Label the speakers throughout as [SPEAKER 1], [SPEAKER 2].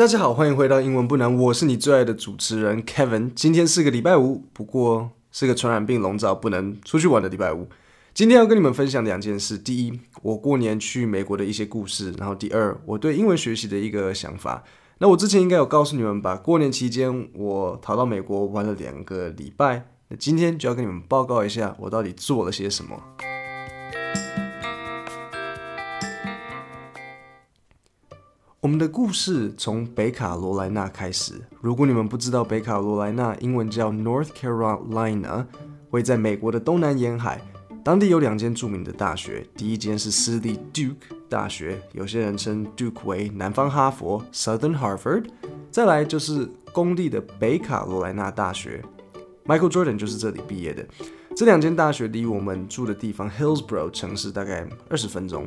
[SPEAKER 1] 大家好，歡迎回到英文不難，我是你最愛的主持人 Kevin。今天是個禮拜五，不過是個傳染病籠罩、不能出去玩的禮拜五。今天要跟你們分享兩件事：第一，我過年去美國的一些故事；然後第二，我對英文學習的一個想法。那我之前應該有告訴你們吧，過年期間我逃到美國玩了兩個禮拜。那今天就要跟你們報告一下，我到底做了些什麼。我們的故事從北卡羅來納開始。如果你們不知道北卡羅來納，英文叫 North Carolina，位在美國的東南沿海。當地有兩間著名的大學，第一間是私立 Duke 大學，有些人稱 Duke 為南方哈佛 Southern Harvard。再來就是公立的北卡羅來納大學，Michael Jordan 就是這裡畢業的。這兩間大學離我們住的地方 Hillsborough 城市大概二十分鐘。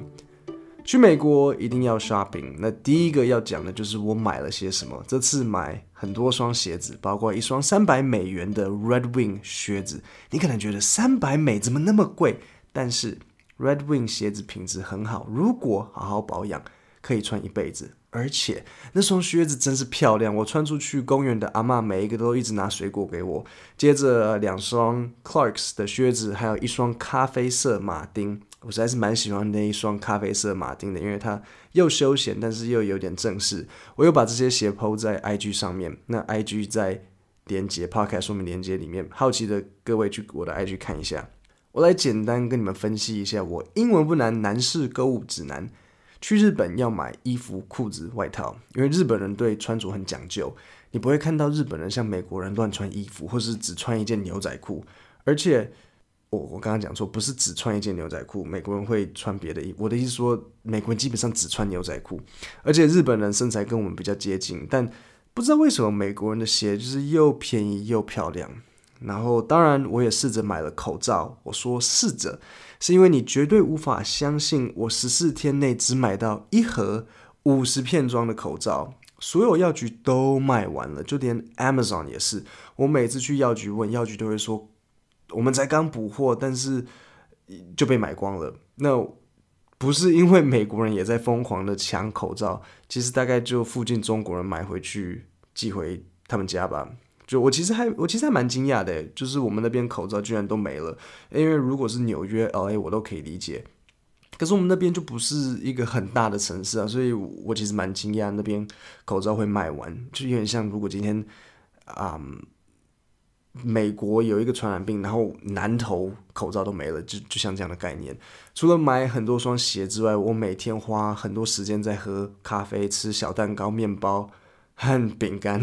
[SPEAKER 1] 去美國一定要 shopping，那第一個要講的就是我買了些什麼。這次買很多雙鞋子，包括一雙三百美元的 Red Wing 靴子。你可能覺得三百美怎麼那麼貴？但是 Red Wing 鞋子品質很好，如果好好保養，可以穿一輩子。而且那雙靴子真是漂亮，我穿出去公園的阿嬤每一個都一直拿水果給我。接着兩雙 Clarks 的靴子，還有一雙咖啡色馬丁。我實在是蠻喜歡那一雙咖啡色的馬丁的，因為它又休閒，但是又有點正式。我有把這些鞋 PO 在 IG 上面，那 IG 在連接 Podcast 說明鏈接裡面，好奇的各位去我的 IG 看一下。我來簡單跟你們分析一下，我英文不難，男士購物指南，去日本要買衣服、褲子、外套，因為日本人對穿着很講究，你不會看到日本人像美國人亂穿衣服，或是只穿一件牛仔褲，而且。我我剛剛講錯，不是只穿一件牛仔褲，美國人會穿別的衣。我的意思說，美國人基本上只穿牛仔褲，而且日本人身材跟我們比較接近，但不知道為什麼美國人的鞋就是又便宜又漂亮。然後，當然我也試着買了口罩。我說試着，是因為你絕對無法相信，我十四天內只買到一盒五十片裝的口罩，所有藥局都賣完了，就連 Amazon 也是。我每次去藥局問，藥局都會說。我們才剛補貨，但是就被買光了。那不是因為美國人也在瘋狂的搶口罩，其實大概就附近中國人買回去寄回他們家吧。就我其實還我其實還蠻驚訝的，就是我們那邊口罩居然都沒了。因為如果是紐約，LA，我都可以理解。可是我們那邊就不是一個很大的城市啊，所以我其實蠻驚訝那邊口罩會賣完，就有點像如果今天啊。嗯美國有一個傳染病，然後南頭口罩都沒了，就就像這樣的概念。除了買很多雙鞋之外，我每天花很多時間在喝咖啡、吃小蛋糕、麵包和餅乾。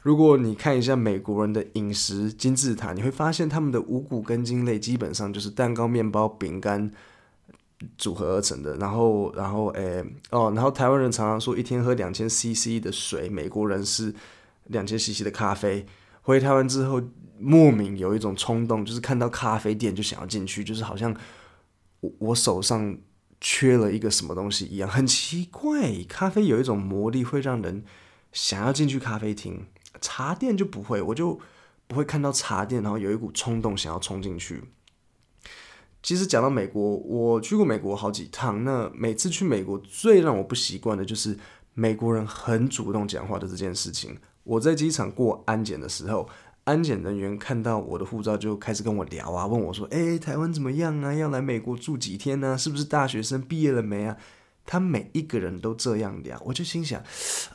[SPEAKER 1] 如果你看一下美國人的飲食金字塔，你會發現他們的五谷根莖類基本上就是蛋糕、麵包、餅乾組合而成的。然後，然後，誒、哎、哦，然後台灣人常常說一天喝兩千 cc 的水，美國人是兩千 cc 的咖啡。回台灣之後，莫名有一種衝動，就是看到咖啡店就想要進去，就是好像我我手上缺了一個什麼東西一樣，很奇怪。咖啡有一種魔力，會讓人想要進去咖啡廳，茶店就不會，我就不會看到茶店，然後有一股衝動想要衝進去。其實講到美國，我去過美國好幾趟，那每次去美國最讓我不習慣的就是美國人很主動講話的這件事情。我在機場過安檢的時候，安檢人員看到我的護照就開始跟我聊啊，問我說：“誒、欸，台灣怎麼樣啊？要來美國住幾天呢、啊？是不是大學生畢業了沒啊？”他每一個人都這樣聊，我就心想：“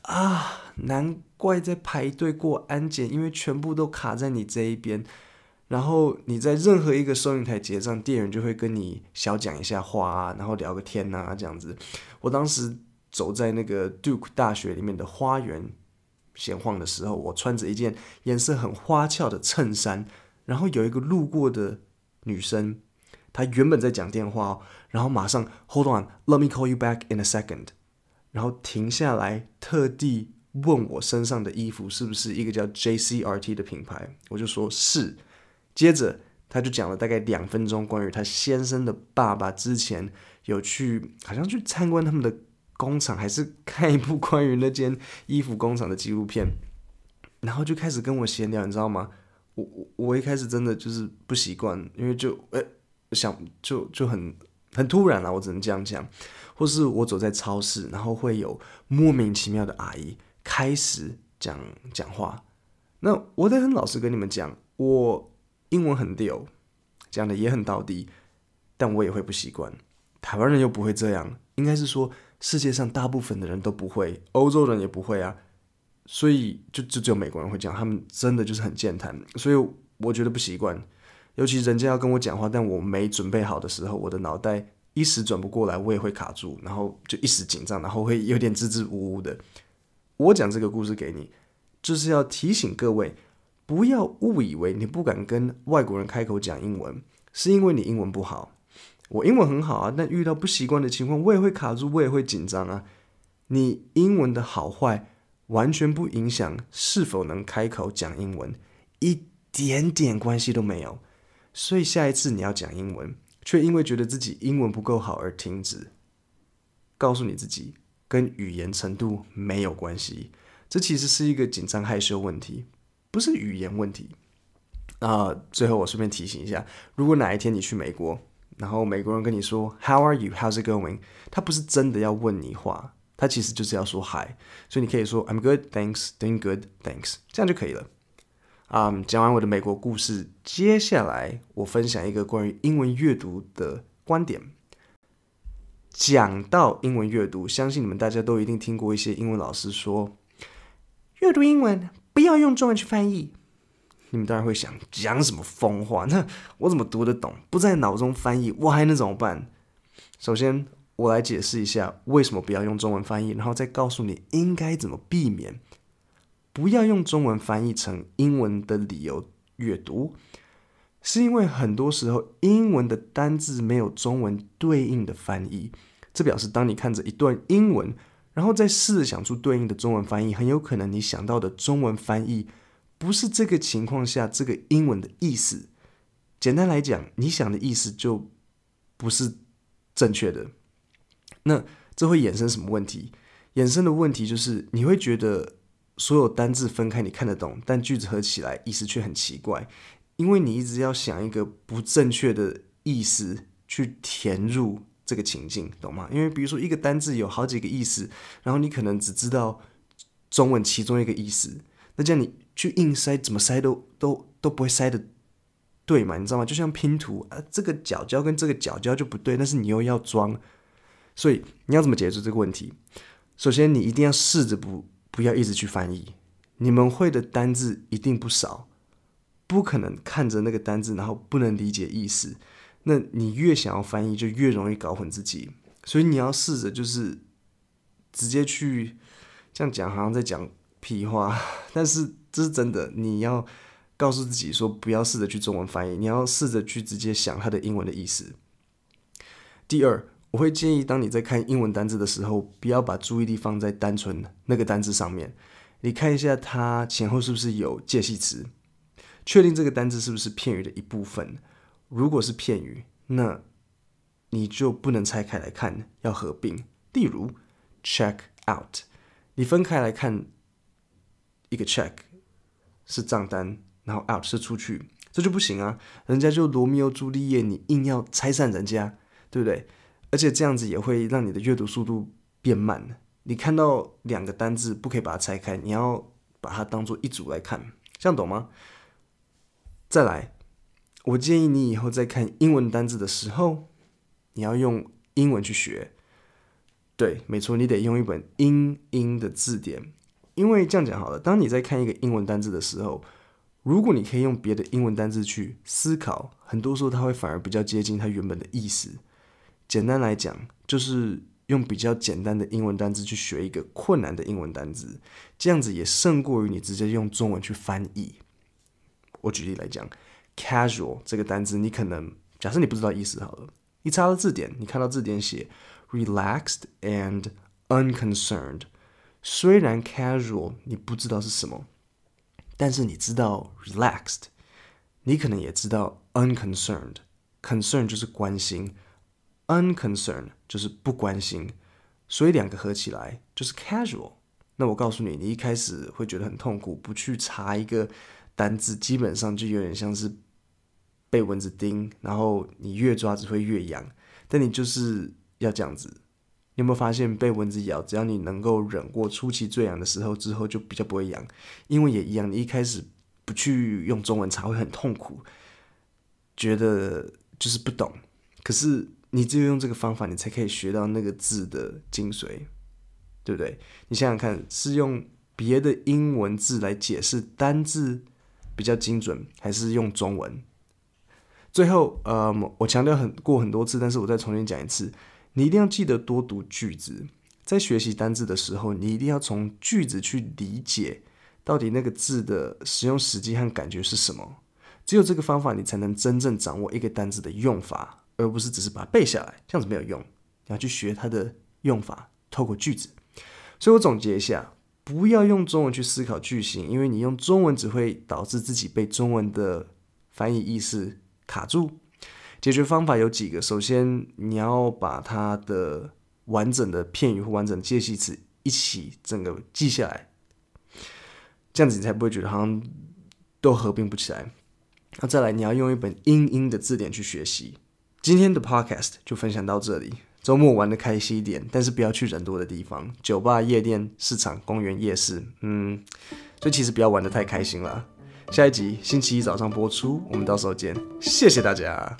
[SPEAKER 1] 啊，難怪在排隊過安檢，因為全部都卡在你這一邊。然後你在任何一個收銀台結賬，店員就會跟你小講一下話啊，然後聊個天啊，這樣子。我當時走在那個 Duke 大學裡面的花園。”閒晃的時候，我穿着一件顏色很花俏的襯衫，然後有一個路過的女生，她原本在講電話哦，然後馬上 Hold on，let me call you back in a second，然後停下來，特地問我身上的衣服是不是一個叫 JCRT 的品牌，我就說是，接着她就講了大概兩分鐘關於她先生的爸爸之前有去，好像去參觀他們的。工廠，還是看一部關於那間衣服工廠的紀錄片，然後就開始跟我閒聊，你知道嗎？我我我一開始真的就是不習慣，因為就呃、欸、想就就很很突然了。我只能這樣講。或是我走在超市，然後會有莫名其妙的阿姨開始講講話。那我得很老實跟你們講，我英文很屌，講得也很道地，但我也會不習慣。台灣人又不會這樣，應該是說。世界上大部分的人都不會，歐洲人也不會啊，所以就就只有美國人會講，他們真的就是很健談，所以我覺得不習慣，尤其人家要跟我講話，但我沒準備好的時候，我的腦袋一時轉不過來，我也會卡住，然後就一時緊張，然後會有點支支吾吾的。我講這個故事給你，就是要提醒各位，不要誤以為你不敢跟外國人開口講英文，是因為你英文不好。我英文很好啊，但遇到不習慣的情況，我也會卡住，我也會緊張啊。你英文的好壞完全不影響是否能開口講英文，一點點關係都沒有。所以下一次你要講英文，卻因為覺得自己英文不夠好而停止，告訴你自己跟語言程度沒有關係，這其實是一個緊張害羞問題，不是語言問題。那、呃、最後我順便提醒一下，如果哪一天你去美國。然後美國人跟你說 “How are you? How's it going?” 他不是真的要問你話，他其實就是要說“嗨”，所以你可以說 “I'm good, thanks.” d o i n g o o d thanks.” 這樣就可以了。啊、um，講完我的美國故事，接下來我分享一個關於英文閱讀的觀點。講到英文閱讀，相信你們大家都一定聽過一些英文老師說：“閱讀英文不要用中文去翻譯。”你們當然會想，講什麼瘋話？那我怎麼讀得懂？不在腦中翻譯，我還能怎麼辦？首先，我來解釋一下為什麼不要用中文翻譯，然後再告訴你應該怎麼避免。不要用中文翻譯成英文的理由閱讀，是因為很多時候英文的單字沒有中文對應的翻譯。這表示當你看着一段英文，然後再試着想出對應的中文翻譯，很有可能你想到的中文翻譯。不是這個情況下，這個英文的意思，簡單來講，你想的意思就不是正確的。那這會衍生什麼問題？衍生的問題就是，你會覺得所有單字分開你看得懂，但句子合起來意思卻很奇怪，因為你一直要想一個不正確的意思去填入這個情境，懂嗎？因為比如說一個單字有好幾個意思，然後你可能只知道中文其中一個意思。這樣你去硬塞，怎麼塞都都都不會塞得對嘛？你知道嗎？就像拼圖啊，這個角角跟這個角角就不對，但是你又要裝，所以你要怎麼解決這個問題？首先，你一定要試着不不要一直去翻譯，你們會的單字一定不少，不可能看着那個單字然後不能理解意思。那你越想要翻譯，就越容易搞混自己，所以你要試着就是直接去這樣講，好像在講。屁話，但是這是真的。你要告訴自己說，不要試着去中文翻譯，你要試着去直接想它的英文的意思。第二，我會建議，當你在看英文單字的時候，不要把注意力放在單純那個單字上面。你看一下它前後是不是有介系詞，確定這個單字是不是片語的一部分。如果是片語，那你就不能拆開來看，要合併。例如，check out，你分開來看。一個 check 是賬單，然後 out 是出去，這就不行啊！人家就羅密歐朱麗葉，你硬要拆散人家，對不對？而且這樣子也會讓你的閱讀速度變慢。你看到兩個單字，不可以把它拆開，你要把它當做一組來看，這樣懂嗎？再來，我建議你以後在看英文單字的時候，你要用英文去學。對，沒錯，你得用一本英英的字典。因為這樣講好了，當你在看一個英文單字的時候，如果你可以用別的英文單字去思考，很多時候它會反而比較接近它原本的意思。簡單來講，就是用比較簡單的英文單字去學一個困難的英文單字，這樣子也勝過於你直接用中文去翻譯。我舉例來講，casual 這個單字，你可能假設你不知道意思好了，你查到字典，你看到字典寫 relaxed and unconcerned。雖然 casual 你不知道是什麼，但是你知道 relaxed，你可能也知道 unconcerned，concerned 就是關心，unconcerned 就是不關心，所以兩個合起來就是 casual。那我告訴你，你一開始會覺得很痛苦，不去查一個單字，基本上就有點像是被蚊子叮，然後你越抓只會越癢，但你就是要這樣子。你有沒有發現，被蚊子咬，只要你能夠忍過初期最癢的時候之後，就比較不會癢。因為也一樣，你一開始不去用中文查，會很痛苦，覺得就是不懂。可是你只有用這個方法，你才可以學到那個字的精髓，對不對？你想想看，是用別的英文字來解釋單字比較精準，還是用中文？最後，呃，我強調很過很多次，但是我再重新講一次。你一定要記得多讀句子，在學習單字的時候，你一定要從句子去理解到底那個字的使用時機和感覺是什麼。只有這個方法，你才能真正掌握一個單字的用法，而不是只是把它背下來，這樣子沒有用。你要去學它的用法，透過句子。所以我總結一下，不要用中文去思考句型，因為你用中文只會導致自己被中文的翻譯意思卡住。解決方法有幾個，首先你要把它的完整的片語或完整的介系詞一起整個記下來，這樣子你才不會覺得好像都合併不起來。那再來，你要用一本英英的字典去學習。今天的 podcast 就分享到這裡。週末玩的開心一點，但是不要去人多的地方，酒吧、夜店、市場、公園、夜市，嗯，就其實不要玩的太開心了。下一集星期一早上播出，我們到時候見，謝謝大家。